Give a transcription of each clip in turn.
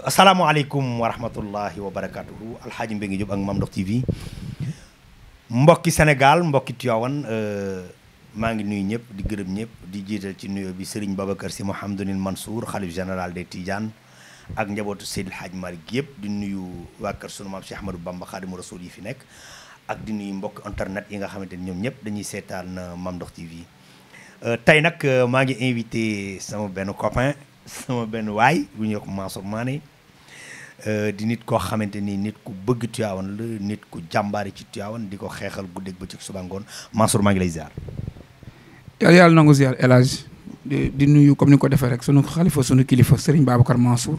asalaamaaleykum wa rahmatullahi wa barakaatuhu alxaaji Mbengue Diop ak Mame Ndokh TV mbokki Sénégal mbokki Tivaouane euh, maa ngi nuyu ñëpp di gërëm ñëpp di jiital ci nuyo bi Serigne Babacar Sy Mouhamadunil Mansour xalif général de tijan ak njabootu Seydil Hadj Malick yëpp di nuyu waa kër sunu maam Cheikh Ahmadou Bamba Xaadimu Rasuul yi fi nekk ak di nuyu mbokki internet yi nga xamante ni ñoom ñëpp dañuy seetaan euh, Mame Ndokh TV euh, tey nag maa ngi invité sama benn copain. sama benn waay bu ñuy wax Mansour Mané euh, di nit koo xamante ni nit ku bëgg Tiwaawan nit ku jàmbaari ci Tiwaawan di ko xeexal guddeeg bëccëg suba ngoon Mansour maa ngi lay ziar. yàlla yàlla nangu ziar El di nuyu comme ni ko defee rek sunu xalifa sunu kilifa Serigne Babacar Mansour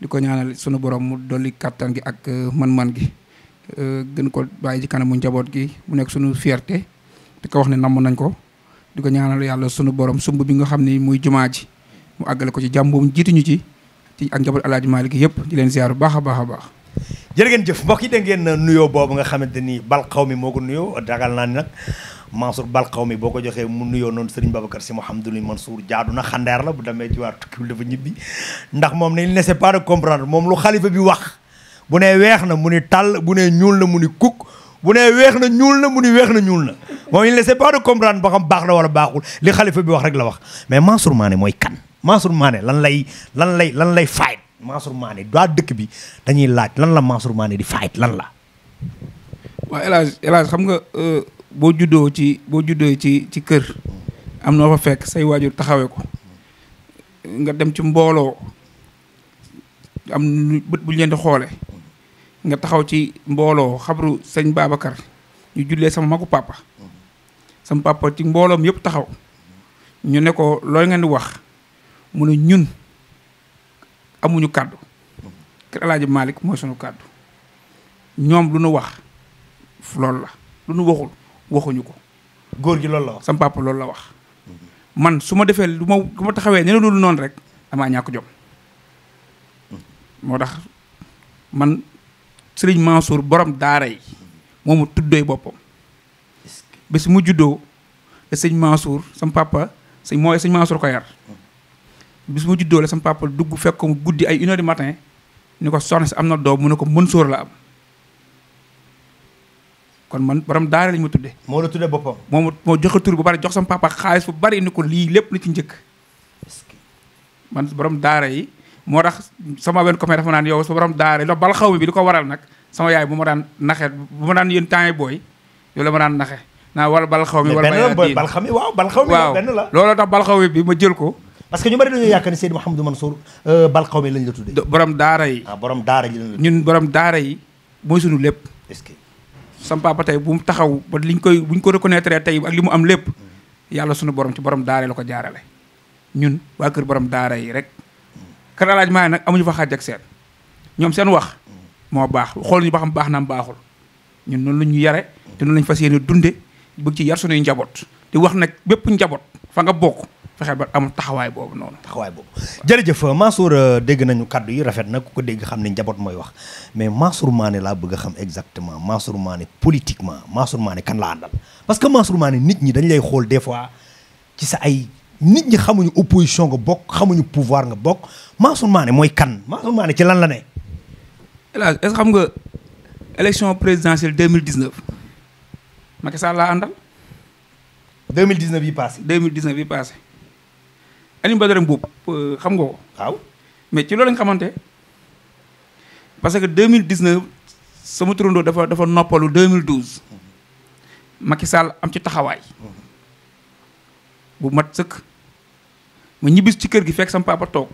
di ko ñaanal sunu borom mu dolli kattan gi ak euh, man-man gi. Euh, gën ko bàyyi ci kanamu njaboot gi mu nekk sunu fierté di ko wax ne namm nañ ko di ko ñaanal yàlla sunu borom sumb bi nga xam ni muy jumaa ji. mu àggale ko ci jàmm jiituñu ci ci ak njaboot alaaji Maalik yëpp di leen ziar bu baax a baax a baax jërë ngeen jëf mbokk yi da ngeen nuyoo boobu nga xamante ni balxaw mi moo ko nuyoo dagal naa ni nag Mansour xaw mi boo ko joxee mu nuyoo noonu Serigne Babacar Sy Mouhamadoul Mansour jaadu na xandeer la bu demee ci waar tukkiwul dafa ñibbi ndax moom ne il ne sait pas de comprendre moom lu xalifa bi wax bu nee weex na mu ni tal bu nee ñuul na mu ni kuk bu nee weex na ñuul na mu ni weex na ñuul na moom il ne sait pas baax na wala baaxul li xalifa bi wax rek la wax mais Mansour Mané mooy kan Mansour Mané lan lay lan lay lan lay fight Mansour Mané daa dëkk bi dañuy laaj lan la Mansour Mané di fight lan la. waaw El Hadj xam nga euh, boo juddoo ci boo juddoo ci ci kër am noo fa fekk say waajur taxawee ko nga dem ci mbooloo am bët bu leen di xoole nga taxaw ci mbooloo xabru sëñ Babacar ñu jullee sama magu papa sama papa ci mbooloom yëpp taxaw ñu ne ko looy ngeen di wax. mu ne ñun amuñu kàddu kër Alaaji Malick mooy sunu kàddu ñoom lu nu wax loolu la lu nu waxul waxuñu ko. góor gi loolu la wax sam loolu la wax. man su ma defee lu ma lu ma taxawee ne loolu noonu rek damaa ñàkk jom moo tax man Serigne Mansour borom daara yi moomu tuddee boppam. bés mu juddoo te sëñ Mansour sam papa sëñ mooy sëñ Mansour ko yar. bis ma juddoo la sama papa dugg fekk ko mu guddi ay une heure du matin ni ko soxna si am na doom mu ne ko Mansour la am kon man borom daara lañ ma tudde moo la tudde boppam moom moo joxe tur bu bari jox sama papa xaalis bu bari ni ko lii lépp lu ci njëkk man borom daara yi moo tax sama wenn copain dafa naan yow sa borom daara yi la bal xaw mi bi di ko waral nag sama yaay bu ma daan naxee bu ma daan yéen temps yi booy yow la ma daan naxe naa wala bal xaw mi wala bal xaw mi waaw bal xaw mi ma jël ko parce que ñu bari dañoo yaakaar ne Seydi Mouhamadou Mansour euh, balxaw mi lañ la tuddee. borom daara yi. ah borom daara yi ñun borom daara yi mooy sunu lépp. est-ce que. sam papa tey bu mu taxaw ba liñ koy buñ ko reconnaître tey ak li mu am lépp hmm. yàlla sunu borom ci borom daara la ko jaarale. ñun waa kër borom daara yi rek. kër alaaj maa nag amuñu fa xaaj ak seen ñoom seen wax hmm. moo baax xool ñu ba xam baax naam baaxul ñun noonu lañ ñu yare te noonu lañ fas yéene dunde bëgg ci yar sunuy njaboot di wax nag bépp njaboot fa nga bokk fexe ba am taxawaay boobu noonu. taxawaay boobu jërëjëf Mansour euh, dégg nañu kàddu yi rafet na ku ko dégg xam ne njaboot mooy wax mais Mansour Mané laa bëgg xam exactement Mansour Mané politiquement Mansour Mané kan la àndal. parce que Mansour Mané nit ñi dañ lay xool des fois ci sa ay nit ñi xamuñu opposition nga bokk xamuñu pouvoir nga bokk Mansour Mané mooy kan Mansour Mané ci lan la ne. hélas xam nga élection présidentielle 2019 Macky Sall laa àndal. 2019 yi passé. 2019 Alioune Badara Mboup euh, xam nga ko. waaw mais ci loolu lañ xamante parce que mille 2019 sama turandoo dafa dafa noppalu 2012 Macky Sall am ci taxawaay bu mat sëkk ma ñibbis ci kër gi fekk sama papa toog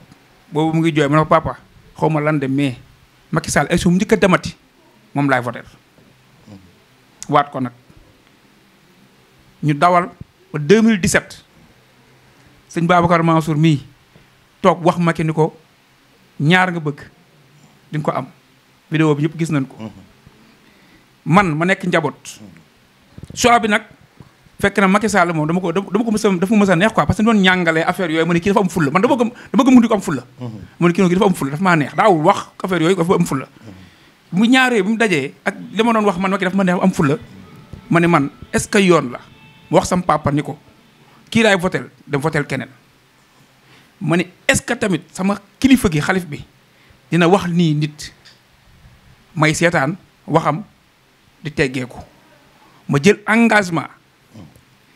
boobu mu ngi jooy ma ne ko papa xaw ma lande de mais Macky Sall ay suum njëkk a demati moom laay voter mm-hmm. waat ko nag ñu dawal ba 2017. sëñ Babacar Mansour mii toog wax ma Macky ni ko ñaar nga bëgg di ko am vidéo bi ñëpp gis nañ ko man ma nekk njaboot choix bi nag fekk na Macky Sall moom dama ko dama ko mës a a neex quoi parce que doon ñàngalee affaire yooyu ma ne kii dafa am fulla ko am fulla ma ne kii wax affaire yooyu dafa am fulla mu ñaaree bi mu dajee ak li ma doon wax man Macky dafa ma neex am fulla ma ne man est ce que yoon la ma wax sam papa ni ko kii laay votel dem votel keneen ma ne est-ce que tamit sama kilifa gi xalif bi dina wax nii nit may seetaan waxam di teggeeku ma jël engagement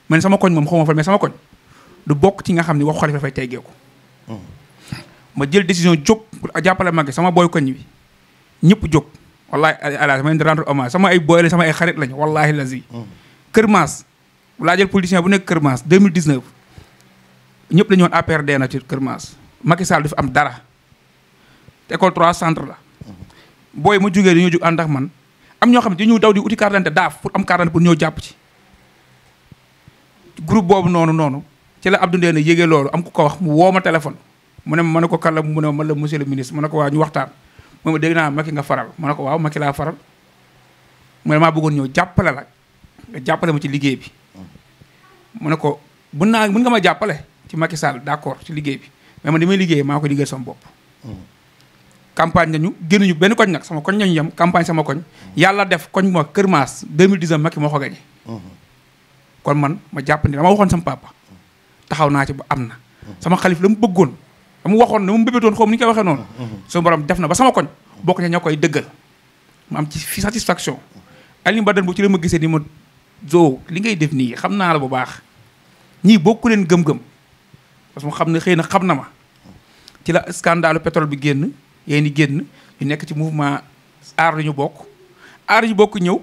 ma ne sama koñ moom xaw ma fa mais sama koñ du bokk ci nga xam ne waxu xalif dafay teggeeku ma jël décision jóg jàppale mag sama booy koñ bi ñëpp jóg wallahi alaaj ma leen di rendre sama ay booy la sama ay xarit lañu wallahi lazi kër maas laajal politicien bu nekk Kër Maas 2019 ñëpp la ñu woon APR dee na ci Kër Maas Macky Sall du fi am dara école 3 centre la booy ma jugee dañoo jug ànd ak man am ñoo xam ne dañoo daw di uti carte d'identité daaf pour am carte pour ñoo jàpp ci. groupe boobu noonu noonu ci la Abdou Ndéné yëgee loolu am ku ko wax mu woo ma téléphone mu ne ma ne ko kàlla mu ne ma la monsieur le ministre ne ko waa ñu waxtaan ma dégg naa Macky nga faral ma ne ko waaw Macky laa faral mu maa bëggoon ñëw jàppale la nga jàppale ma ci liggéey bi. mu ne ko mun naa mun nga ma jàppale ci Macky Sall d'accord ci liggéey bi mais man li may liggéey maa ko liggéey sama bopp. Hmm. campagne nañu génnuñu benn koñ nag sama koñ nañu yem campagne sama koñ. Hmm. yàlla def koñ ma Kër Maas 2019 Macky hmm. kon man ma jàpp ni dama waxoon sama papa. taxaw naa ci am na. sama xalif la mu bëggoon la mu waxoon la mu mbébétoon xaw ma ni ñu koy waxee noonu. sama borom def na ba sama koñ bokk na ñoo koy dëggal ma am ci satisfaction. Alioune Badane bu ci la ma gisee ni ma zoo li ngay def nii xam naa la bu baax. ñii bokku leen gëm-gëm parce que mu xam ne xëy na xam na ma ci la scandalu pétrole bi génn yéen di génn ñu nekk ci mouvement aar li ñu bokk aar ñu bokk ñëw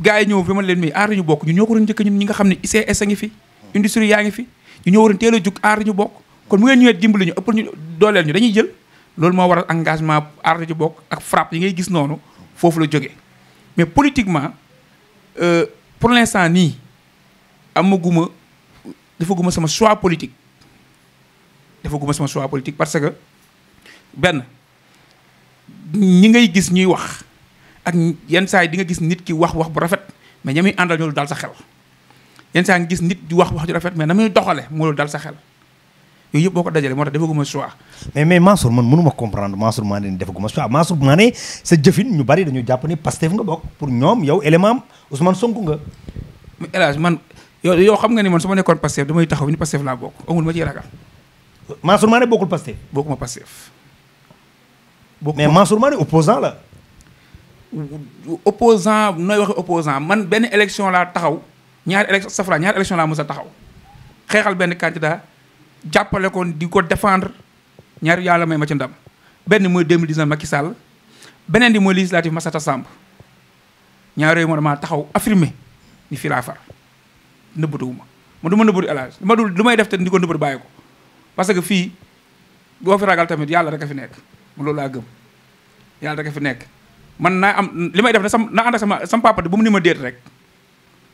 gars yi ñëw fi ma leen mi aar ñu bokk ñun ñoo ko doon njëkk ñun nga xam ne ICS a ngi fi industrie yaa ngi fi ñu ñoo waroon teel a jug aar li ñu bokk kon mu ngeen ñëwee dimbali ñu ëppal ñu dooleel ñu dañuy jël loolu moo waral engagement aar li ñu bokk ak frappe yi ngay gis noonu foofu la jóge mais politiquement euh, pour l'instant nii amaguma defaguma sama choix politique defaguma sama choix politique parce que benn ñi ngay gis ñuy wax ak yenn saa yi di nga gis nit ki wax wax bu rafet mais ña muy àndal ñoolu dal sa xel yenn saa nga gis nit di wax wax ju rafet mais na muy doxale moo dal sa xel yooyu yëpp boo ko dajalee moo tax defaguma choix mais mais Mansour man mënuma comprendre Mansour Mané defaguma choix Mansour Mané sa jëfin ñu bari dañu jàpp ni Pastef nga bokk pour ñoom yow élément am Ousmane Sonko man yow yow xam nga ni man su ma nekkoon Pastef damay taxaw ni Pastef laa bokk amul ma ciy ragal. Mansour Mané bokkul Pastef. bokkuma Pastef. bokkuma mais Mansour Mané opposant la. opposant nooy waxe opposant man benn élection laa taxaw ñaari élection safra ñaari laa mës a taxaw xeexal benn candidat jàppale ko di ko defendre ñaari yàlla may ma ci ndam benn mooy 2019 Macky Sall beneen di mooy législative Massata Samb ñaar yooyu moo dama taxaw affirmé ni fii laa far nëbbatuwuma ma du ma nëbbatu El Hadj ma dul lu may def te ni ko nëbbatu bàyyi ko parce que fii boo fi ragal tamit yàlla rek a fi nekk loolu laa gëm yàlla rek a fi nekk man naa am li may def na sam na ànd ak sama sama papa bu mu ni ma déet rek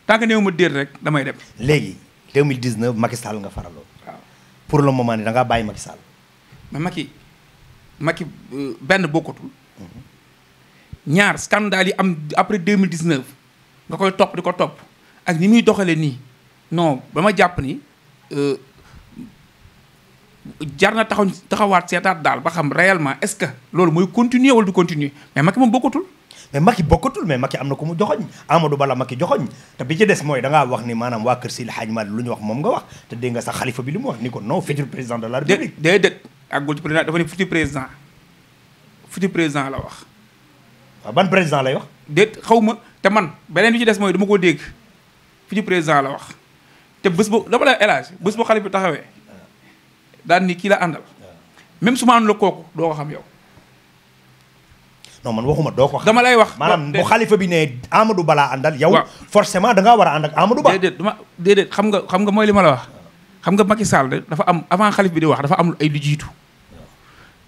tant que ma déet rek damay def léegi 2019 Macky Sall nga faraloo. pour le moment dangaa da ngaa bàyyi Macky Sall. mais Macky Macky euh, benn bokkatul. Mhm. ñaar scandale yi am après 2019 nga koy topp di ko topp. ak ni muy doxalee nii non ba ma jàpp ni euh, jar na taxaw taxawaat seetaat daal ba xam réellement est-ce que loolu mooy continuer wala du continuer mais Macky moom bokkatul. mais Macky bokkatul mais am na ko mu joxoñ Amadou Bala Macky joxoñ te bi ci des mooy danga ngaa wax ni maanaam waa Kër Sidi Hadj Malick lu ñu wax moom nga wax te dégg nga sax xalifa bi li mu wax ni ko non futur président de la République. déedéet àggul ci président dafa ne président la wax. waaw ban président lay wax. déet xaw ma te man beneen bi ci des mooy dama ko dégg. fi ñu président la wax te bës bu dama lay élage bës bu xale bi taxawee daan ni kii la àndal même su ma la kooku doo ko xam yow. non ko xam dama lay wax. maanaam bu xalifa bi ne Amadou balaa àndal. yow forcément da ngaa war a ànd ak Amadou Ba. déedéet dama déedéet xam nga xam nga mooy li ma la wax. xam nga Macky Sall dafa am avant xalif bi di wax dafa am ay lu jiitu.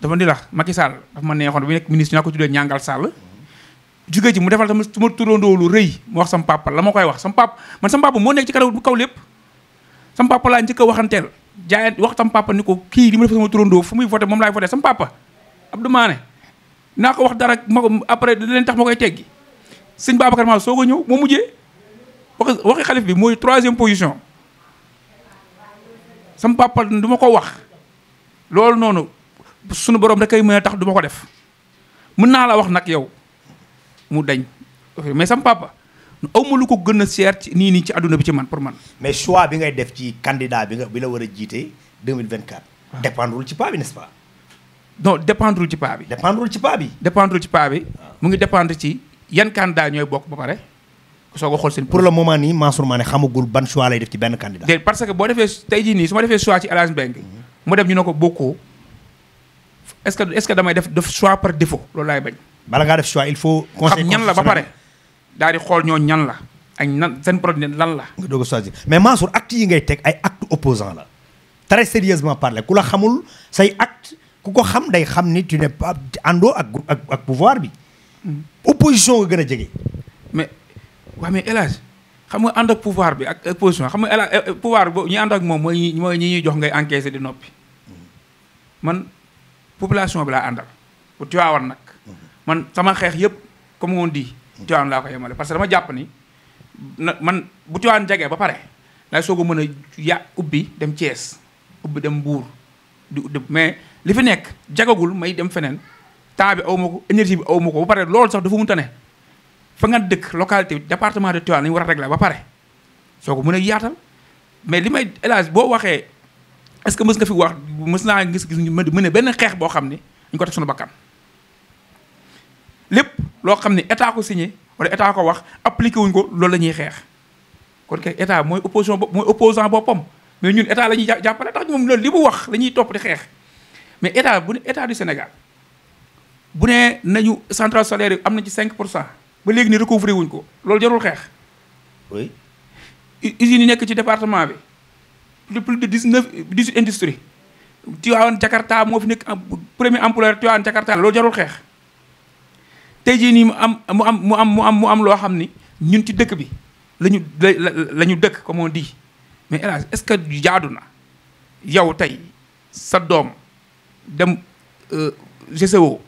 dafa ni la Macky Sall dafa ma neexoon bi nekk ministre ñu naa ko tuddee ñàngal Sall. jóge ji mu defal tamit su turandoo lu rëy mu wax sam papa la ma koy wax sam papa man sam papa moo nekk ci kaw bu kaw lépp sam papa laa njëkk a waxanteel jaay wax sam papa ni ko kii li ma defal sama turandoo fu muy voté moom laay voté sam papa Abdou Mané naa ko wax dara ma ko après dina leen tax ma koy teggi sëñ Babacar Maal soo ko ñëw moo mujjee wax waxi xalif bi mooy troisième position sam papa duma ko wax loolu noonu sunu borom da koy mën a tax duma ko def mën naa la wax nag yow mu dañ mais sam papa aw ma lu ko gën a seer nii nii ci àdduna bi ci man pour man. mais choix bi ngay def ci candidat bi nga bi la war a jiite 2024. waaw dépendrul ci paa bi n'est-ce pas. non dépendrul ci paa bi. ci paa bi. dépendrul ci paa bi ah. mu ngi dépendre ci yan candidat ñooy bokk ba pare. soo ko xool seen pour le moment nii Mansour ne xamagul ban choix lay def ci benn candidat. parce que boo defee tey jii nii su ma defee choix ci Alliance Mbengue. Mhm. mu dem ñu ne ko bokkoo est-ce que est-ce que damay def def choix par défaut loolu laay bañ. bala ngaa def choix il faut. conseil ñan la ba pare daal di xool ñoo ñan la ak nan seen projet lan la. nga doog a choisir mais Mansour acte yi ngay teg ay acte opposant la très sérieusement parlé ku la xamul say acte ku ko xam day xam ni tu n'es pas àndoo ak ak ak pouvoir bi. Hmm. opposition nga gën a jege. mais waa mais El Hadj xam nga ànd ak pouvoir bi ak opposition xam nga El eh, eh, pouvoir boobu ñi ànd ak moom mooy mooy ñi ñuy jox ngay encaissé di noppi hmm. man population bi laa àndal bu Tiwaawan nag. man sama xeex yëpp comme on di Tivaouane laa ko yemale parce que dama jàpp ni na man bu Tivaouane jegee ba pare lay soog mën a ubbi dem Thiès ubbi dem Mbour di mais li fi nekk jagagul may dem feneen temps bi aw ma ko bi aw ma ko ba pare loolu sax dafa mënta ne fa nga dëkk localité bi département de Tivaouane la war a régler ba pare soo ko mën a yaatal mais li may élage boo waxee est-ce que mës nga fi wax mës naa ngis gis ñu mën a benn xeex boo xam ni ñu ko teg suñu bakkan lépp loo xam ne état ko signé wala état ko wax appliqué wuñ ko loolu la ñuy xeex kon kay état mooy opposition mooy opposant boppam mais ñun état la ñuy jàppale tax moom loolu li bu wax la ñuy topp di xeex mais état bu ne état du Sénégal bu ne nañu centrale solaire yi am na ci cinq pour cent ba léegi ni recouvrer wuñ ko loolu jarul xeex. oui. usines yi nekk ci département bi plus plus de 19 18 industries Tivaouane Jakarta moo fi nekk premier employeur Tivaouane Jakarta loolu jarul xeex. tey jii nii mu am mu am mu am mu am mu am loo xam ni ñun ci dëkk bi lañu la ñu dëkk comme on di mais El Hadj est-ce que jaadu na yow tey sa doom dem euh, GCO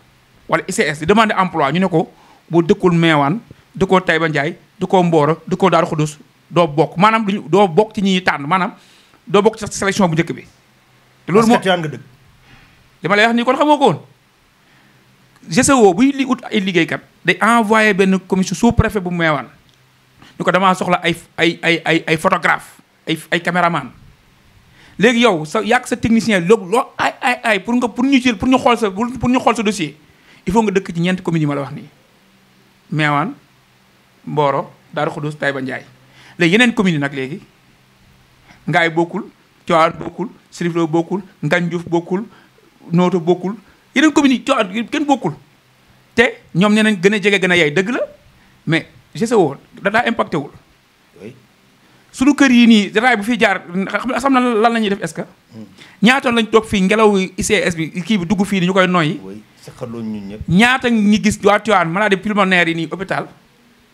wala ICS di demande emploi ñu ne ko boo dëkkul Meewaan dëkkoo Taïba Ndiaye dëkkoo Mboro dëkkoo Daaru Xudus doo bokk maanaam duñu doo bokk ci ñi tànn maanaam doo bokk ci sélection bu njëkk bi. te loolu moo nga dëkk. dama lay wax nii kon xamoo ko woon. GCO buy li ut ay liggéeykat day envoyé benn commission sous préfet bu meewaan ñu ko damaa soxla ay ay ay ay ay photographe ay ay caméraman léegi yow sa yàq sa technicien loolu loo ay ay ay pour nga pour ñu jël pour ñu xool sa pour ñu xool sa dossier il faut nga dëkk ci ñeenti communes yi ma la wax nii meewaan Mboro Daaru Xudus Taïba Ndiaye léegi yeneen communes yi nag léegi ngay bokkul Tiwaawan bokkul Siriflo bokkul Nganjuf bokkul Nooto bokkul yeneen communes yi Tivaouane kenn bokkul te ñoom nee nañ gën a jege gën a yaay dëgg la mais GCO e woon daa impacté wul. suñu kër yi nii raay bu fi jaar xam nga xam na lan la ñuy def est-ce que. Hmm. ñaatoon lañ toog fii ngelaw ICS bi kii bi dugg fii ni ñu koy noyyi. ñaata ñi gis waa Tivaouane maladie pulmonaire yi nii hôpital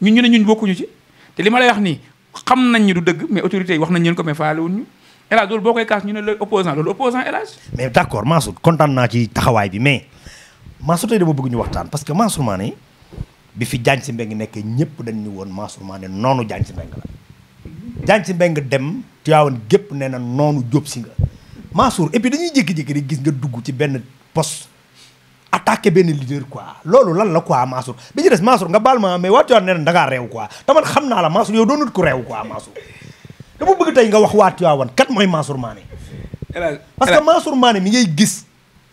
ñu ñu ne ñun bokkuñu ci te li ma lay wax nii xam nañ ñu du dëgg mais autorités yi wax nañ leen ko mais faale wuñ ñu El Hadj boo koy kaas ñu ne la opposant loolu opposant El mais d' accord Mansour naa ci taxawaay bi mais Mansour tey dama bëgg ñu waxtaan parce que Mansour Mané bi fi Diagne Sy Mbengue nekk ñëpp dañ ñu woon Mansour Mané noonu Diagne Sy Mbengue la Diagne Sy dem Tivaouane gépp nee na noonu Diop Sy nga Mansour et puis dañuy jékki-jékki di gis nga dugg ci benn poste attaqué benn leader quoi loolu lan la quoi Mansour bi ñu des Mansour nga baal ma mais waa Tivaouane nee na da ngaa réew quoi te man xam naa la Mansour yow doonut ku réew quoi Mansour dama bëgg tey nga wax waa Tivaouane kat mooy Mansour Mané parce que Mansour Mané mi ngay gis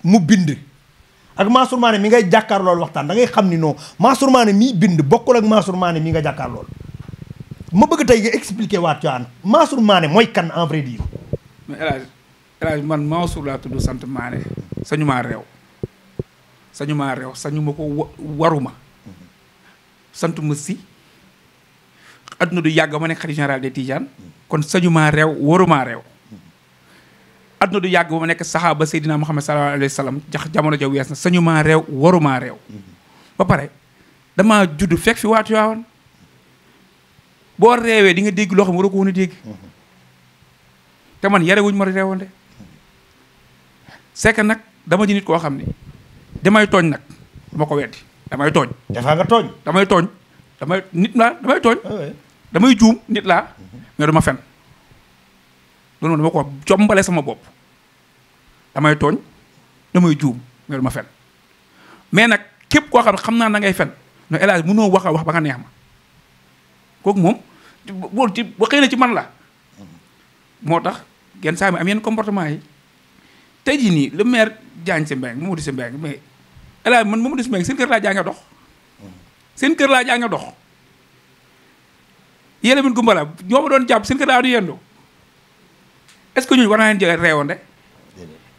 mu bind ak Mansour Mané mi ngay jàkkaar loolu waxtaan da ngay xam ni non Mansour Mané miy bind bokkul ak Mansour maane mi nga jàkkaar loolu ma bëgg tey nga expliquer waa Tivaouane maane mooy kan en vrai dire mais man Mansour laa tudd sant Mané sañu maa réew sañu maa réew sañu ma ko waruma mhm. sant ma si adduna du yàgg ma nekk xalifa général des Tidiane kon sañumaa réew warumaa réew adduna du yàgg ma nekk saxaaba Seydina Muhammad xam ne wa sallam jax jamono ja wees na sañumaa réew warumaa réew ba pare damaa judd fekk fi waatu yaawoon boo reewee di nga dégg loo xam a dégg man yare ma reewoon de nag dama ji koo xam ne damay tooñ nag dama ko damay tooñ. damay tooñ. Ah damay juum nit laa mais dama fen jombale sama bopp damay tooñ damay juum mais dama fen mais nag képp koo xam xam naa da ngay fen no El Hadj mënoo wax a wax ba nga neex ma kooku moom loolu ci na ci man la moo tax genn saa mi am yenn comportement yi tey jii nii le maire Diagne Sy Mbengue du si Mbengue mais El Hadj mu Mamadou Sy Mbengue seen kër laa jaa dox seen kër laa jaa dox yéle min gumbala ñoo ma doon jàpp seen kër daa du yendu est ce que ñun war naa leen jëlee reewande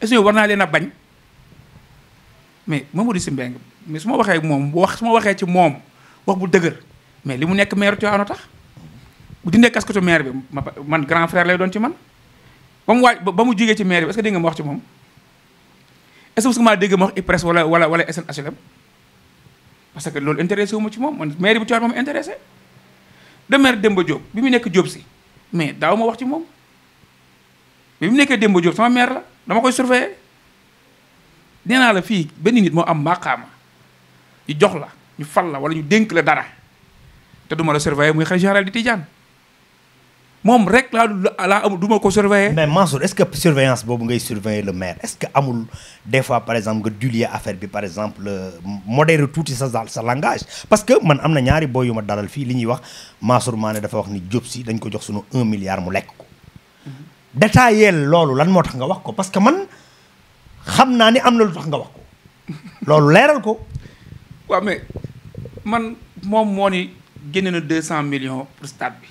est ce que ñun war naa leen a bañ mais Mamadou si Mbengue mais su ma waxee moom wax su ma waxee ci moom wax dëgër mais li mu nekk maire Tivaouane tax bu dindee casquette maire bi man grand lay doon ci man ba mu waaj ba mu jógee ci maire bi est ce que nga ma wax ci moom est ce dégg ma wax IPRES wala wala wala SN HLM parce que loolu intéressé wu ci moom man maire bi Tivaouane moom intéressé le maire Demba Diop bi mu nekk Diop si mais daaw ma wax ci moom bi mu nekkee Demba Diop sama maire la dama koy surveiller nee naa la fii benn nit moo am maqaama ñu jox la ñu fal la wala ñu denk la dara te duma la surveiller muy xalifa général di Tijaan moom rek laa laa amul du ma ko surveiller. mais Mansour surveillance boobu ngay surveiller le maire est-ce que amul des fois par exemple nga dulier affaire bi par exemple euh, modérer tuuti sa sa langage. parce que man am na ñaari boo yu ma dalal fii li ñuy wax Mansour Mané dafa wax ni Diop si dañ ko jox sunu 1 milliard mu lekk ko. Mm-hmm. détaillé loolu lan moo tax nga wax ko parce que man xam naa ni am na lu tax nga wax ko loolu leeral ko. waaw mais man moom moo ni génne na 200 millions pour stade bi.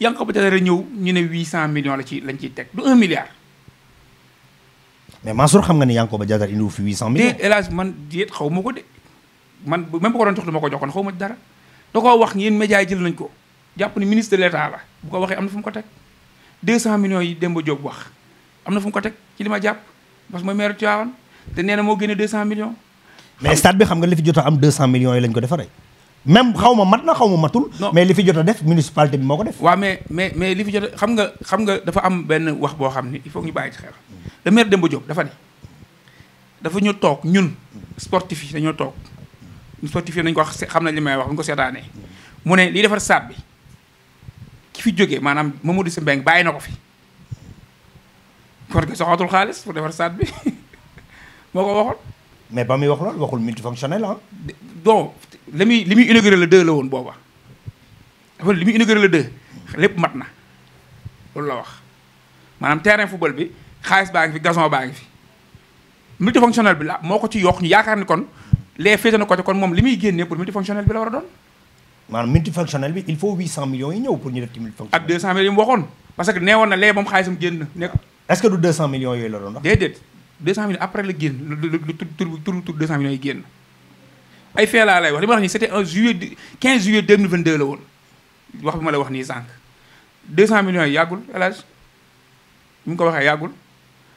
Yankhoba Diattara ñëw ñu ne 800 millions la ci lañ ciy teg du 1 milliard. mais Mansour xam nga ni Yankhoba Diattara indiwu fi 800 millions. déet hélas man déet xaw ma ko de man même bu ko doon jox du ma ko jox joxoon xaw ma dara da koo wax yéen médias yi jël nañ ko jàpp ni ministre de l' la bu ko waxee am na fu mu ko teg 200 millions yi Demba Diop wax am na fu ko teg ci li ma jàpp parce que mooy maire Tivaouane te nee na moo génne 200 millions. mais stade li fi jot a am 200 millions lañ ko defaree. même xaw ma mat na xaw ma matul. mais li fi jot a def municipalité bi moo ko def. waaw mais mais mais li fi jot a xam nga xam nga dafa am benn wax boo xam ni il faut ñu bàyyi ci xel. le maire Demba Diop toog ñun sportif dañoo toog ñun sportif yi nañu xam nañ li may wax ñu ko seetaanee mu ne liy defar saab bi ki fi jógee maanaam Mamadou si mbeng bàyyi na ko fi. kon soxatul xaalis pour defar saab bi moo ko waxoon. mais ba muy wax loolu waxul multifonctionnel ah. donc li muy li muy inauguré le la woon booba li muy inauguré le 2 lépp mat na loolu la wax maanaam terrain football bi xaalis baa ngi fi gazon baa ngi fi multifonctionnel bi la moo ko ci yokk ñu yaakaar ni kon les féete na côté kon moom li muy génnee pour multifonctionnel bi la war a doon. maanaam multifonctionnel bi il faut 800 millions yi ñëw pour ñu def ci multifonctionnel. ak 200 millions yi mu waxoon na lee moom xaalisam génn nekk. est-ce 200 millions après la génn lu tur tur tur 200 millions yi génn ay fee laa lay wax li ma wax nii c'était un juillet 15 juillet 2022 wax bi ma la wax nii sànq 200 millions yi yàggul El Hadj bi ko waxee yàggul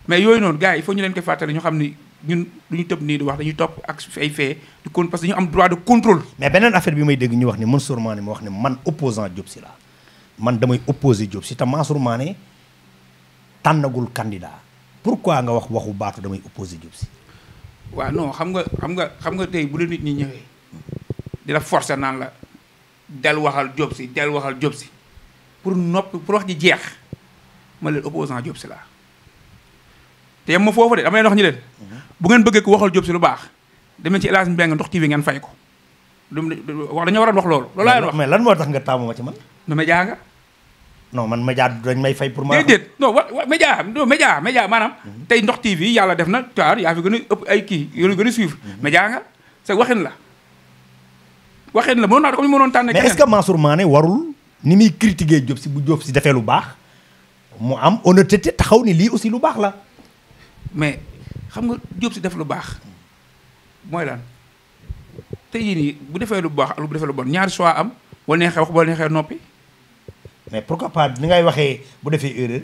mais yooyu noonu gars yi il ñu leen koy fàttali ñu xam ni ñun lu ñu tëb nii di wax dañuy topp ak ay fee di kon parce que dañu am droit de contrôle. mais beneen affaire bi may dégg ñu wax ni Mansour Mané ma wax ne man opposant Diop si la man damay opposé Diop si te Mansour Mané tànnagul candidat. pourquoi nga wax waxu baatu damay opposé Diop si. waaw no xam nga xam nga xam nga tey bu la nit ñi ñëwee dina la naan la del waxal jóob si del waxal Diop si pour noppi pour wax ji jeex ma leen opposant Diop si la te yem ma foofu de dama leen wax ñu leen bu ngeen bëggee ko waxal Diop si lu baax demee ci El Hadj Mbengue ndox TV ngeen fay ko lu wax dañoo war a wax loolu. loolu laa leen wax mais lan moo tax nga taamu ma ci man. dama jaa nga. non man média dañ may fay pour. ma déedéet non wa wa média non média média maanaam. Mm-hmm. tey Ndokh TV yàlla def na tuwaar yaa fi gën a ëpp ay kii yoo gën a suivre. Mm-hmm. média nga sa waxin la. waxin la mënoon naa ko ñu mënoon tànn. keneen mais est-ce ni muy critiquer Diop si bu Diop si defee lu baax mu am honnêteté taxaw ni lii aussi lu baax la. mais xam nga Diop si def lu baax mooy lan tey jii nii bu defee lu baax ak lu defee lu bon ñaari choix am wala neexee wax wala neexee noppi. mais pourquoi pas ni ngay waxee bu defee erreur.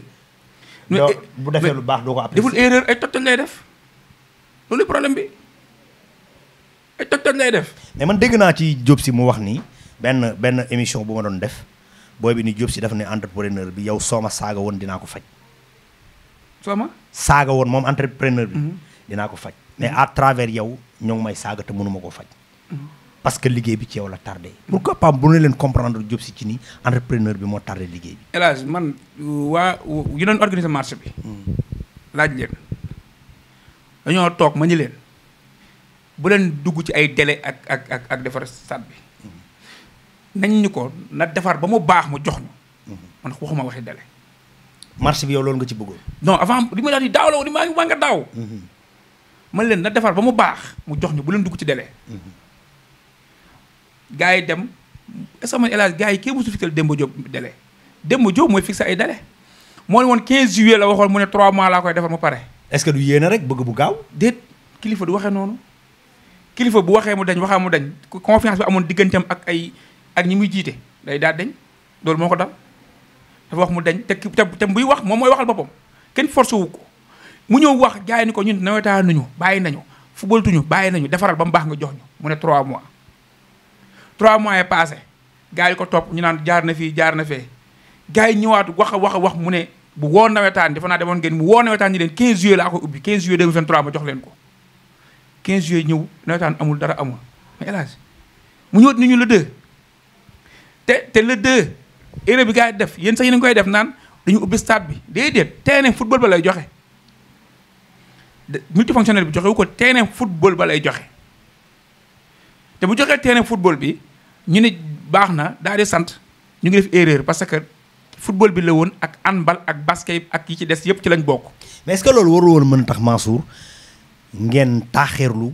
Eh, bu defee lu baax doo ko apprécier. deful erreur ay tottal lay def loolu problème bi ay tottal lay def. mais man dégg naa ci Diop si mu wax nii benn benn émission bu ma doon def boo bi ni Diop si dafa ne entrepreneur bi yow soo ma saaga woon dinaa ko faj. soo ma saaga woon moom entrepreneur bi. Mhm. dinaa ko faj mais mhm. à travers yow ñoo ngi may saaga te mënuma koo faj. Mhm. parce que liggéey bi ci yow la tardé pourquoi pas bu ne leen comprendre Diop si ci ni entrepreneur bi moo tardé liggéey bi. hélas man waa yu doon organiser marché bi. Hmm. laaj leen dañoo toog ma ñu leen bu leen dugg ci ay délai ak ak ak ak defar stade bi hmm. nañ ñu ko na defar ba mu baax mu jox ñu. Hmm. man waxuma waxi délai. marché bi yow loolu nga ci bëggoon. non avant li ma daaw la woon maa ngi maa nga daaw. man leen na defar ba mu baax mu jox ñu bu leen dugg ci délai. gars yi dem est-ce que man El Hadj gars yi kenn mësu fixé Demba Diop délai Demba Diop mooy fixé ay délai moo ne woon 15 juillet la waxoon mu ne 3 mois laa koy defar mu pare. est-ce que du yéene rek bëgg bu gaaw. déet kilifa du waxee noonu kilifa bu waxee mu dañ waxaa mu dañ confiance bi amoon digganteem ak ay ak ñi muy jiite day daal dañ loolu moo ko dal dafa wax mu dañ te te buy wax moom mooy waxal boppam kenn force wu ko mu ñëw wax gaa yi ni ko ñun nawetaanuñu bàyyi nañu football tuñu bàyyi nañu defaral ba mu baax nga jox ñu mu ne 3 mois. trois mois yi passé gars yi ko topp ñu naan jaar na fii jaar na fee gaa yi ñëwaat wax a wax wax mu ne bu woo nawetaan dafa naa demoon ngeen mu woo nawetaan ñi leen 15 juillet laa ko ubbi 15 juillet 2023 ma jox leen ko 15 juillet ñëw nawetaan amul dara amul mais El Hadj mu ñëwat ni ñu le 2 te te le 2 bi gaa yi def yéen sax yéen a ngi koy def naan dañu ubbi stade bi déedéet terrain football ba lay joxe multifonctionnel bi joxewu wu ko terrain football ba lay joxe. te bu joxee terrain football bi ñu ne baax na daal di sant ñu ngi def erreur parce que football bi la woon ak handball ak basket ak yi ci des yëpp ci lañ bokk. mais est-ce loolu warul woon mën a tax Mansour ngeen taaxirlu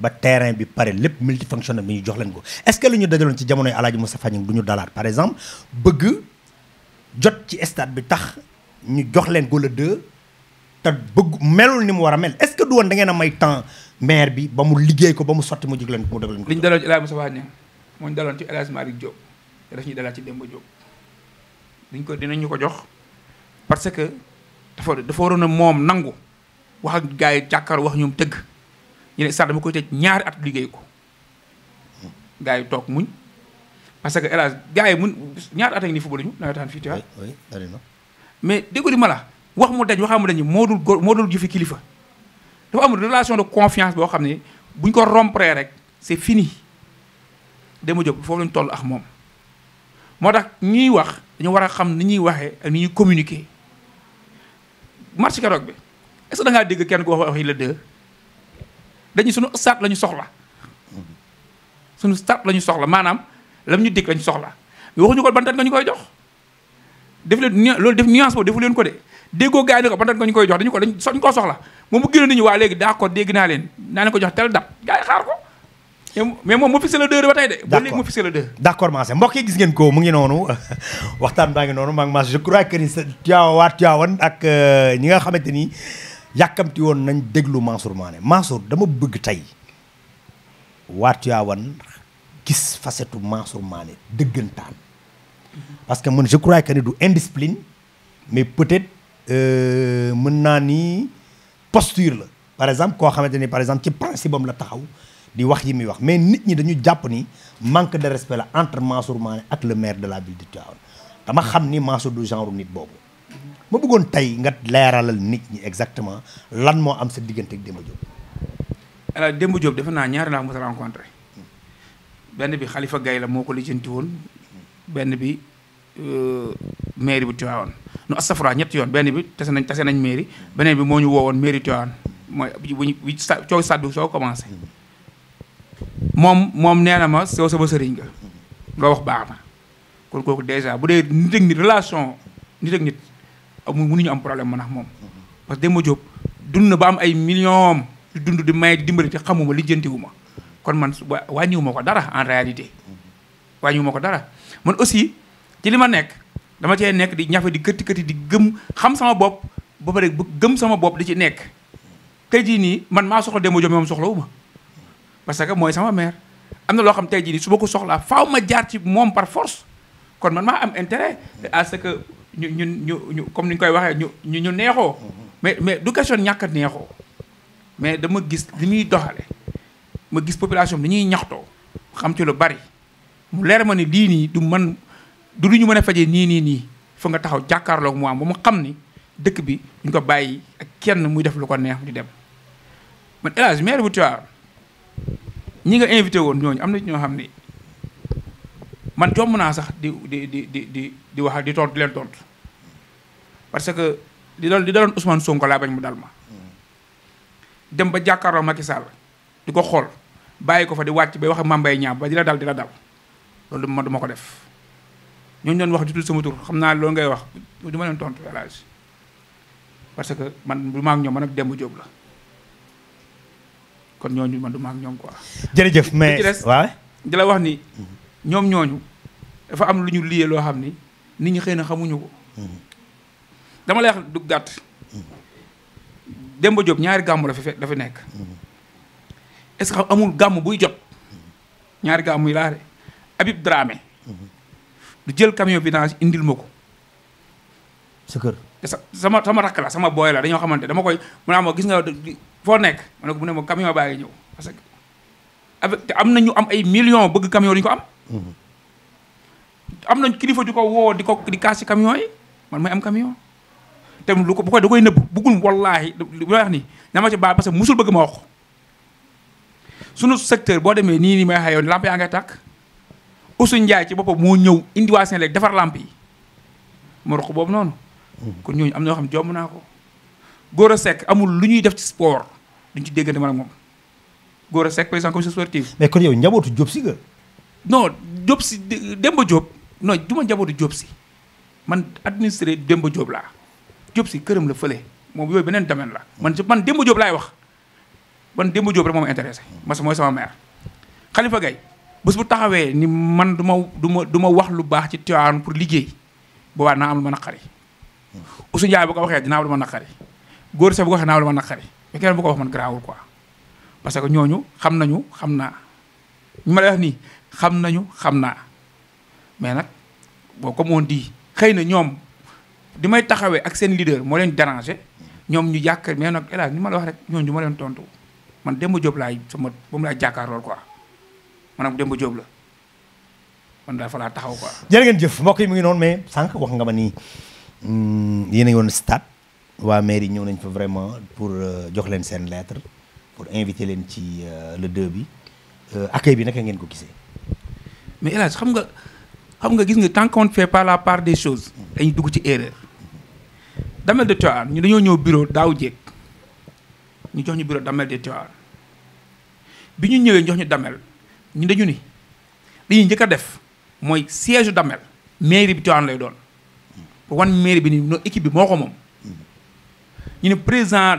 ba terrain bi pare lépp multifonctionnel bi ñu jox leen ko est-ce que lu ñu dajaloon ci jamonoy Alaaji Moustapha Niang du ñu dalaat par exemple bëgg jot ci stade bi tax ñu jox leen ko le deux te bëgg melul ni mu war a mel est-ce que du woon da ngeen a may temps. maire bi ba mu liggéey ko ba mu sotti mu jig leen mu def leen ko. li ñu daloon ci El Hadj Moustapha Niang moo ñu daloon ci El Hadj Malick ñuy dalaat ci Demba Diop dañ ko dinañ ñu ko jox parce que dafa dafa waroon a moom nangu wax ak gars yi jàkkaar wax ñoom tëgg ñu ne sax dama ñaari at liggéey ko gars yi toog muñ parce que El Hadj yi mun ñaari at a ngi nii football ñu nawetaan fii Tivaouane. oui ah. mais déggu di ma wax mu dañ waxaa mu daj moo dul moo dul jëfi kilifa. dafa am relation de confiance boo xam ne bu ñu ko rompre rek c'est fini ma Diop foofu lañu toll ak moom moo tax ñuy wax dañu war a xam ni ñuy waxee ak ni ñuy communiquer marché keroog bi est ce que dégg kenn ku wax waxi la deux dañu suñu stade la ñu soxla suñu stade la ñu soxla maanaam lam ñu dikk la soxla mais waxuñu ko ban tan nga ñu koy jox def leen loolu def nuance boobu defu leen ko de déggoo gars yi ni ko bantat nga ñu koy jox dañu ko dañ dañu koo soxla moom mu gënoon nañu waa léegi daa dégg naa leen naa leen ko jox tel dab gars yi xaar ko mais moom moo fixé le deux ba tey de ba léegi moo fixé le deux d'accord Massé mbokk yi ko mu ngi waxtaan baa ngi noonu maa ngi Massé je crois que ni sa Tiwaawan Tiwaawan ak euh, ñi nga xamante ni yàkkamti woon nañ déglu Mansour Mané Mansour dama bëgg tey waa Tiwaawan gis facette Mansour Mané dëggantaan parce que man je crois que ni du indiscipline mais peut-être Euh, mën naa ni posture la par exemple koo xamante ni par exemple ci principe la taxaw di wax yi muy wax mais nit ñi dañu jàpp ni manque de respect la entre Mansour Mané ak le maire de la ville de Tivaouane dama xam ni Mansour du genre nit boobu ma bëggoon tey nga leeralal nit ñi exactement lan moo am sa diggante ak Demba Diop alors Demba Diop defe naa ñaari laa mos a rencontré benn bi xalifa Gaye la moo ko lijjanti woon benn bi Euh, mairie bu Tivaouane nu astafura ñetti yoon benn bi tase nañ tase nañ mairie beneen bi moo ñu woowoon mairie Tivaouane mooy buñu bi sa coow sàddu bi soo commencé moom moom nee na ma soo sama sëriñ nga loo wax baax na kon kooku dèjà bu dee nit ak nit relation nit ak nit amul mënuñu am problème man moom parce que ma Diop dund na ba am ay millions dund di may dimbali te xamuma lijjantiwuma kon man wàññiwuma ko dara en réalité wàññiwuma ko dara man aussi ci li ma nekk dama cee nekk di ñafe di këtti këtti di gëm xam sama bopp ba pare bu gëm sama bopp di ci nekk tey jii nii man maa soxla Demba Diop moom soxlawu ma parce que mooy sama mère am na loo xam tey jii su ma ko soxlaa faaw ma jaar ci moom par force kon man maa am intérêt à ce que ñu ñun ñu ñu comme ni ñu koy waxee ñu ñu ñu neexoo mais mais du question ñàkk neexoo mais dama gis li muy doxale ma gis population bi ni ñuy ñaxtoo xam ci lu bari mu leer ma ni lii nii du man du lu ñu mën a fajee nii nii nii fa nga taxaw jàkkaarloog mu am ba mu xam ni dëkk bi duñ ko bàyyi ak kenn muy def lu ko neex di dem man maire bu ñi nga invité woon ñooñu am na ñoo xam ne man jomb naa sax di di di di di di wax di tontu leen tontu parce que di doon di doon Sonko laa mu dal ma. dem ba jàkkaarloo Macky Sall di ko xool bàyyi ko fa di wàcc bay wax ak Mame ba di la dal di la dal loolu man ko def. ñooñu doon wax di tudd sama tur xam naa loo ngay wax du ma leen tontu El Hadj parce que man du ma ak ñoom man ak Demba Diop la kon ñooñu man du ma ak ñoom quoi. jërëjëf mais waaw di dala wax ni mhm. ñoom ñooñu dafa am lu ñu liyee loo xam ni nit ñi xëy na xamuñu ko. Mhm. dama lay wax du gàtt. Mhm. Demba Diop ñaari gàmm la fi fe dafa nekk. est-ce amul gàmm buy jot. ñaari gàmm yi laa de Habib Dramé. jël camion vidange indil ma ko. sa kër te sama sama rakk la sama booy la dañoo xamante dama koy mu ne ah, ma gis nga foo nekk ma ne ko mu ne ma camion baa ngi ñëw parce que te am na ñu am ay million bëgg camion du ñu ko am. Mhm. nañ kilifa di ko di ko lu ko bu koy da koy nëbb bëggul wallaahi li ma wax nii na ma ci baal parce musul bëgg ma wax sunu secteur boo demee nii nii may xayoon lamp yaa nga tàkk. Ousseynou Ndiaye ci boppa moo ñëw indi waa Senelec defar làmp yi mu roq boobu noonu. kon ñooñu am na ñoo xam jomb naa ko. a sekk amul lu ñuy def ci sport duñ ci déggante man ak moom Gora Seck président commission sportive. mais kon yow njabootu Diop si nga. non Diop si Demba Diop non duma njabootu Diop si man administré Demba Diop laa Diop si këram la fële moom yooyu beneen domaine la man man Demba laay wax man Demba Diop rek moo ma intéressé. mooy sama maire Khalifa Gaye bés bu taxawee ni man du ma du ma du ma wax lu baax ci Tivaouane pour liggéey boobaa naa am lu ma naqari Ousseynou Ndiaye bu ko waxee dinaa am lu ma naqari góor sa bu ko waxee naa am lu ma naqari mais keneen ko wax man garaawul quoi parce que ñooñu xam nañu xam naa ñu ma lay wax nii xam nañu xam naa mais nag boo comme on di xëy na ñoom di may taxawee ak seen leader moo leen deranger ñoom ñu yàq mais nag hélas ni ma la wax rek ñooñu du ma leen tontu man dem Demba Diop laay sama moom laay jàkkaarlool quoi. maanaam Demba joob la man daal fa laa taxaw quoi. jërë ngeen jëf mbokk yi mu ngi noonu mais sànq wax nga ma ni hmm, yéen yoon ngi woon mais yi ñëw nañ fa vraiment pour euh, jox leen seen lettre pour inviter leen ci euh, le deux bi euh, accueil bi naka ngeen ko gisee. mais El xam nga xam nga gis nga tant qu'on ne fait pas la part des chose dañu dugg ci erreur. Damel de Tivaouane ñu dañoo ñëw bureau daaw jéeg ñu jox ñu bureau Damel de Tivaouane bi ñu ñëwee jox ñu Damel. ñu dañu ni li njëkk a def mooy siège Damel mairie bi Tivaouane lay doon wan mairie bi ni no équipe bi moo ko moom ñu ne président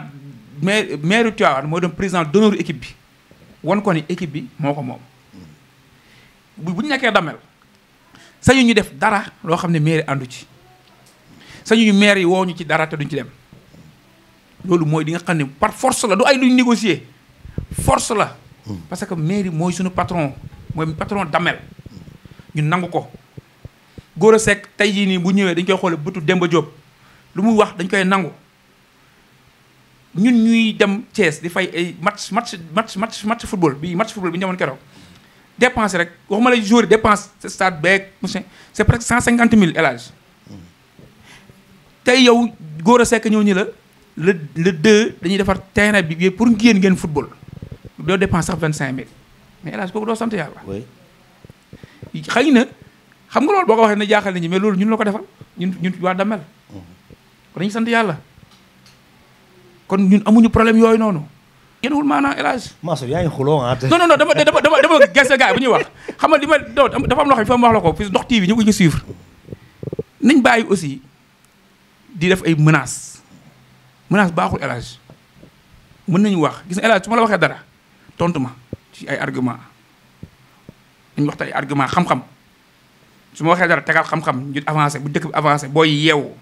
maire maire Tivaouane mooy doon président d'honneur équipe bi wan ko ni équipe bi moo ko moom bu bu ñu nekkee Damel sañu ñu def dara loo xam ne mairie àndu ci sañu ñu maire yi woo ñu ci dara te duñ ci dem loolu mooy di nga xam ne par force la du ay luñ négocier force la parce que mairie mooy suñu patron mooy patron damel ñu nangu ko góor a sekk tey jii nii bu ñëwee dañ koy xoole bëtu Demba Diop lu muy wax dañ koy nangu ñun ñuy dem Thiès di fay ay match match match match match football bi match football bi ñu demoon keroog dépense rek waxuma la jour dépense stade beeg monsieur c'est presque cent cinquante mille élage tey yow góor a sekk ñëw ñu la le le deux dañuy defar terrain bi pour ngeen ngeen football doo dépense sax vingt mais El Hadj kooku doo sant yàlla. oui. xëy na xam nga loolu boo ko waxee ne jaaxal nañu mais loolu ñun la ko defal ñun ñun waa Damel. Mm-hmm. kon dañuy sant yàlla. kon ñun amuñu problème yooyu noonu. yéen wul maanaam El Hadj. Mansour yaa ngi xuloo ah. non non non dama dama dama dama gëstu gars yi bu ñuy wax xam dima li ma dafa am loo xam fa mu wax la ko Ndox TV ñu ngi ñu suivre nañ bàyyi aussi di def ay menaces menace baaxul El Hadj mën nañu wax gis nga El Hadj ma la waxee dara. tontu ma ci ay argument dañu waxtaan ay argument xam-xam su ma waxee dara tegal xam-xam ñu avancé bu dëkk bi avancé booy yeewu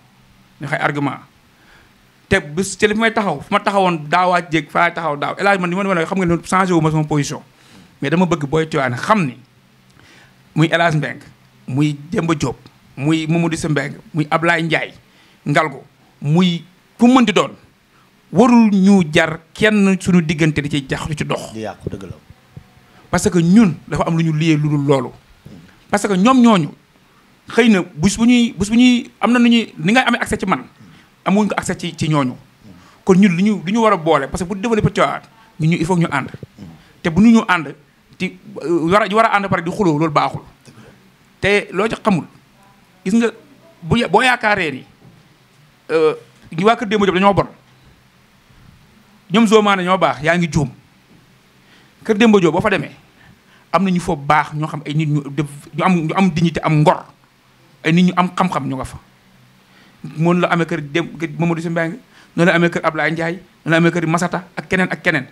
ñu xay argument te bis ci li may taxaw fu ma taxawoon daawaat jeg faa taxaw daaw El Hadj man ni ma leen xam nga ne changé wu ma sama position mais dama bëgg booy Tivaouane xam ni muy El Hadj muy Demba Diop muy Mamadou Sy Mbengue muy Ablaye Ndiaye ngalgu muy ku mën di doon. warul ñu jar kenn suñu diggante di ci jax di ci dox. di yàqu dëgg parce que ñun dafa am lu ñu liyee lu dul loolu. parce que ñoom ñooñu xëy na bés bu ñuy bés bu ñuy am na nu ñuy ni ngay amee accès ci man amuñ ko accès ci ci ñooñu. kon ñun lu ñu lu ñu war a boole parce que bu développé Tivaouane ñu ñu il faut ñu ànd. te bu ñu ñu ànd ci euh, war a war ànd pare di xuloo loolu baaxul. te loo ci xamul gis nga bu boo yaakaaree ni euh, ñu waa kër Demba Diop dañoo bon. ñoom zoomaane ñoo baax yaa ngi juum kër Demba Diop boo fa demee am na ñu fa baax ñoo xam ay nit ñu def ñu am ñu am dignité am ngor ay nit ñu am xam-xam ñu nga fa. moom la amee kër dem kër Mamadou Sy Mbengue noonu la amee kër Ablaye Ndiaye noonu la amee kër Masata ak keneen ak keneen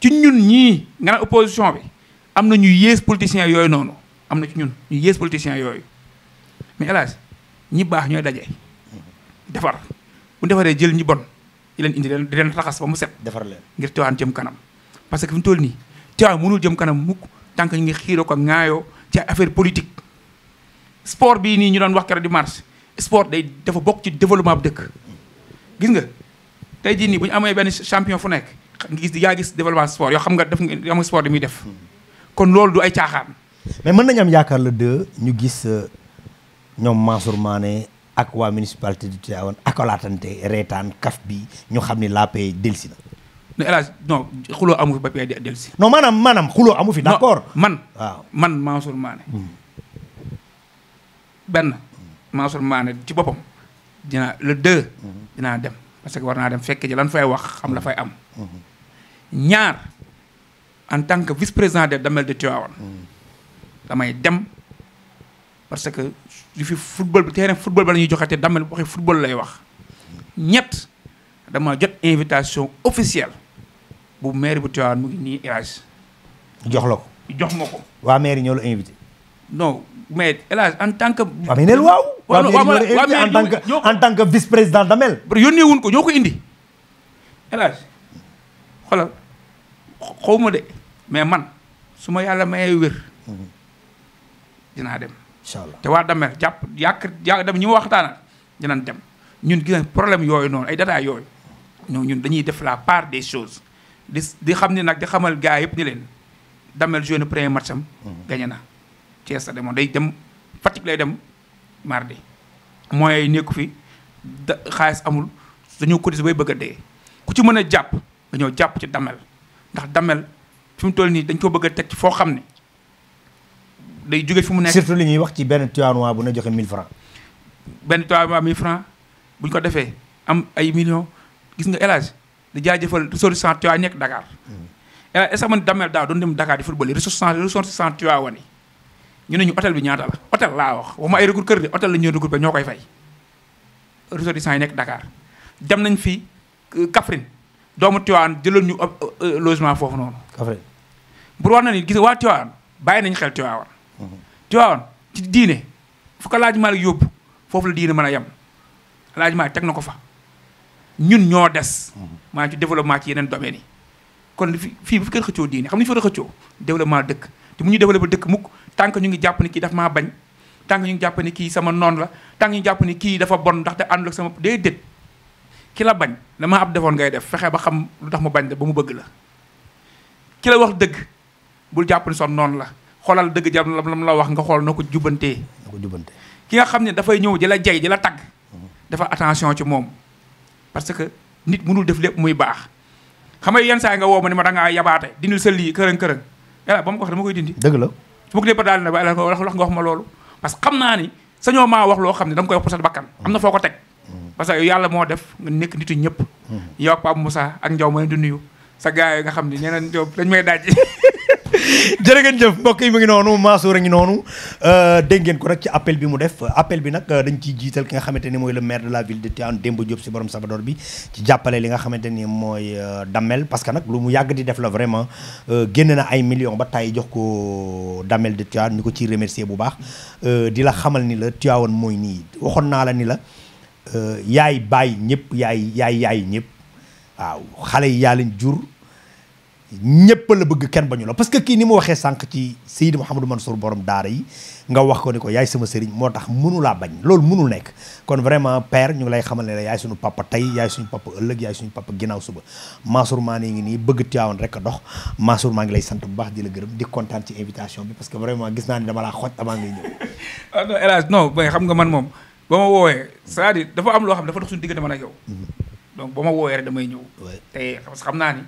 ci ñun ñii nga naan opposition bi am na ñuy yées politiciens yooyu noonu am na ci ñun ñu yées politiciens yooyu mais hélas ñi baax ñooy daje defar bu defaree jël ñi bon. di leen indi leen di leen raxas ba mu set. defar leen ngir Tiwaawan jëm kanam. parce que fi mu toll nii Tiwaawan mënul jëm kanam mukk tant ñu ngi xiiroo ko ŋaayoo ci affaire politique. sport bii nii ñu doon wax keroog di marche sport day dafa bokk ci développement bu dëkk. gis nga tey jii nii bu ñu amee benn champion fu nekk nga gis yaa gis développement sport yoo xam nga def nga am sport di muy def. kon loolu du ay caaxaan. mais mën nañu am yaakaar le deux ñu gis euh, ñoom Mansour Mané ak waa municipalité du Tivaouane akolaatante reetaan kaf bi ñu xam ni la paix delsi na. ne El Hadj xuloo amu fi ba paix delsi. non maanaam maanaam xuloo amu fi. d' accord man. waaw man Mansour Mané. Hmm. benn Mansour Mané ci boppam. dina le deux. Hmm. dinaa dem parce que war naa dem fekk ji lan fay wax xam la hmm. fay am. ñaar en tant que vice président des damel de Tivaouane. damay dem parce que. li fi football bi terrain football ba la ñuy joxate damel waxi football lay wax ñett jot invitation officielle bu maire bu mu ngi jox la ko jox ma ko waa maire ñoo la invité non mais Elage en tant que waaw mais en tant que en tant que vice président damel yónnee wuñ ko ñoo ko indi Elage xoolal xaw ma de mais man su ma yàlla mayee wér mhm. dinaa dem incha te waa Damel jàpp yàq yàq dem ñi ma waxtaanal dinañ dem ñun gis nañ problème yooyu noonu ay data yooyu ñoo ñun dañuy def la part des chose di di xam ne nag di xamal gars yëpp ni leen Damel joué na premier match am. Mhm. gagné na Thiès la demoon day dem Fatick lay dem mardi. moyens yi nekku fi da xaalis amul dañoo cotiser bay bëgg a dee ku ci mën a jàpp dañoo jàpp ci Damel ndax Damel fi mu toll nii dañ koo bëgg a teg ci foo xam ne. day jóge fi mu nekk. surtout li ñuy wax ci benn Tivaouane bu na joxe 1000 francs benn Tivaouane 1000 francs bu ñu ko defee am ay millions gis nga El Hadj di jaajëfal ressortissant Tivaouane nekk Dakar. Hmm. El Hadj est-ce que man damel daaw doon dem Dakar di football yi ressortissant ressortissant Tivaouane ñu ne ñu hôtel bi ñaata la hôtel laa wax waxuma ay recours kër de hôtel la ñuy recours ñoo koy fay ressortissant yi nekk Dakar dem nañ fi euh, Kaffrine doomu Tivaouane jëloon ñu euh, euh, logement foofu noonu. Kaffrine pour wax bàyyi nañ xel Tivaouane. Tiwaawan ci diine fu ko laaj Malick yóbbu foofu la diine mën a yem laaj Malick teg na ko fa ñun ñoo des maanaam ci développement ci yeneen domaines yi kon fi fii bu fi ko xëccoo diine xam ni ñu fa xëccoo développement dëkk te mu ñu développé dëkk mukk tant que ñu ngi jàpp ni kii daf maa bañ tant que ñu ngi jàpp kii sama noon la tant que ñu ngi jàpp ni kii dafa bon ndax ànd àndul ak sama déedéet ki la bañ dama ab defoon ngay def fexe ba xam lu tax mu bañ la ba mu bëgg la ki wax dëgg bul jàpp son noonu la xoolal dëgg jam lam la wax nga xool na ko jubbantee na ki nga xam ne dafay ñëw di la jay di la tagg dafa attention ci moom parce que nit mënul def lépp muy baax xam nga yenn saa nga woo ma ni ma da ngaa yabaate dindil sa lii kërën kërën yàlla ba ma ko wax dama koy dindi dëgg la su ma ko dee daal na ba la nga wax ma loolu parce que xam naa ni sa sañoo maa wax loo xam ne da nga koy wax pour sa bakkan am na foo ko teg parce que yàlla moo def nga nekk nitu ñëpp mm-hmm. yow ak Pape ak Ndiaw ma di nuyu sa gars yi nga xam ne ñeneen dañ may daaj jërë ngeen jëf mbokk yi mu ngi noonu Mansour a ngi noonu euh, dégg ngeen ko rek ci appel bi mu def appel bi nag dañ ciy jiital ki nga xamante ni mooy le maire de la ville de Tivaouane Demba Diop si borom Sabador bi ci jàppale li nga xamante ni mooy euh, Damel parce que nag lu mu yàgg di def la vraiment euh, génn na ay millions ba tàyyi jox ko Damel de Tivaouane ñu ko ciy remercier bu baax di la xamal ni la Tivaouane mooy nii waxoon naa la ni la yaay bàyyi ñëpp yaay yaay yaay ñëpp waaw xale yaa leen jur ñëpp la bëgg kenn bañu la parce que kii ni mu waxee sànq ci Seydi Mouhamadou Mansour borom daara yi nga wax ko ni ko yaay sama sëriñ moo tax mënu laa bañ loolu mënul nekk kon vraiment père ñu ngi lay xamal ne la yaay suñu papa tey yaay suñu papa ëllëg yaay suñu papa ginnaaw suba Mansour maa ngi nii bëgg Tiwaawan rek a dox Mansour maa ngi lay sant bu baax di la gërëm di kontaan ci invitation bi parce que vraiment gis naa ni dama laa xoj ah, man moom ba ma woowee cest à am loo xam dafa dox suñu diggante man ak yow mhm. xam naa ni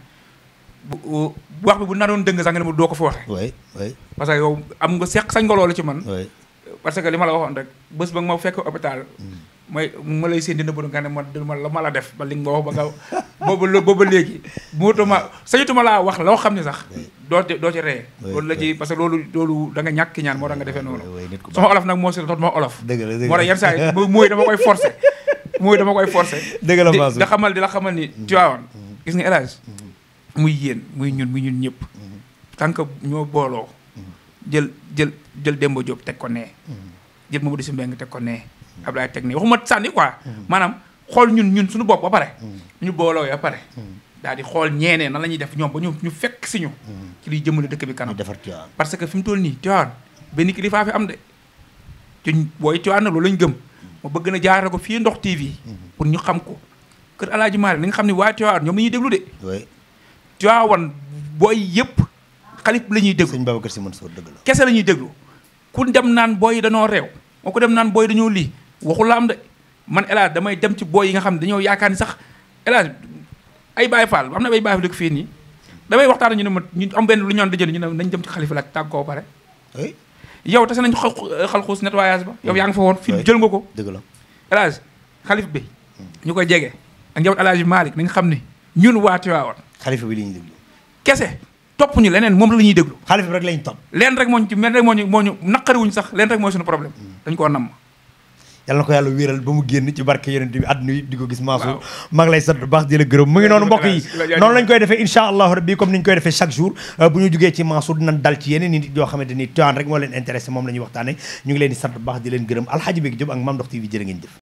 wax bi bu naroon dëng sax nga ne ma doo ko fi waxee. oui oui. parce que yow am nga seq sañ nga loolu ci man. parce que li ma la waxoon rek bés ba nga ma fekk hôpital. Hmm. mooy ma lay seen dina bëgg nga ne ma dina ma la ma la def ba li nga wax ba nga booba léegi mootuma sañutuma laa wax loo xam ne sax. doo ci doo ci ree loolu la ci parce que loolu loolu da ñàkk ñaan moo tax nga defee noonu. sama olof nag moo si doon ma olof. dëgg la dëgg la moo tax yenn saa yi mooy dama koy forcer. mooy dama koy forcer. dëgg la Mansour di xamal di la xamal ni hmm. Tivaouane hmm. gis nga El Hadj muy yéen muy ñun muy ñun ñëpp. Mm-hmm. tant que ñoo booloo. Mm-hmm. jël jël jël Demba Diop teg ko nee. Mm-hmm. jël Mamadou Sy Mbengue teg ko nee. Abdoulaye teg nee waxuma sànni quoi. maanaam xool ñun ñun suñu bopp a pare. ñu booloo ba pare. daal di xool ñeenee na la ñuy def ñoom ba ñu ñu fekk si ñu. ci liy jëmale dëkk bi kanam. defar Tivaouane parce que fi toll nii Tivaouane benn kilifaa fi am de. te booy Tivaouane nag loolu lañ gëm. ma bëgg na jaarale ko fii Ndox TV. pour ñu xam ko kër El Hadj Malick li nga xam ne waa Tivaouane ñoom la ñuy déglu de. Tiwaawan booy yëpp xalif la ñuy déglu. sëñ Babacar Sy Mansour dëgg kese la ñuy déglu ku dem naan booy dañoo réew moo ko dem naan booy dañoo lii waxu la am de man El damay dem ci booy yi nga xam ne dañoo yaakaar ni sax El ay Baye Fall am na ay Baye Fall fii nii damay waxtaan ñu ne ma ñu am benn lu ñoon dajale ñu ne nañ dem ci xalifa la ak tàggoo pare. yow tase nañ xal xalxuus nettoyage ba yow yaa ngi fa fi jël nga ko dëgg la El Hadj xalif bi hmm. ñu koy jege ak yow El Hadj Malick nañ xam ne ñun waa Tiwaawan xalifa bi la ñuy déglu. kese topp ñu leneen moom la ñuy xalifa bi rek lañ topp. leen rek moo ñu ci leen rek moo ñu moo ñu naqariwuñ sax leen rek mooy suñu problème mm. yi ñu ngi leen di baax di leen gërëm alxaaji Mbégi Jóob ak Mame Ndokh TV jërë ngeen jëf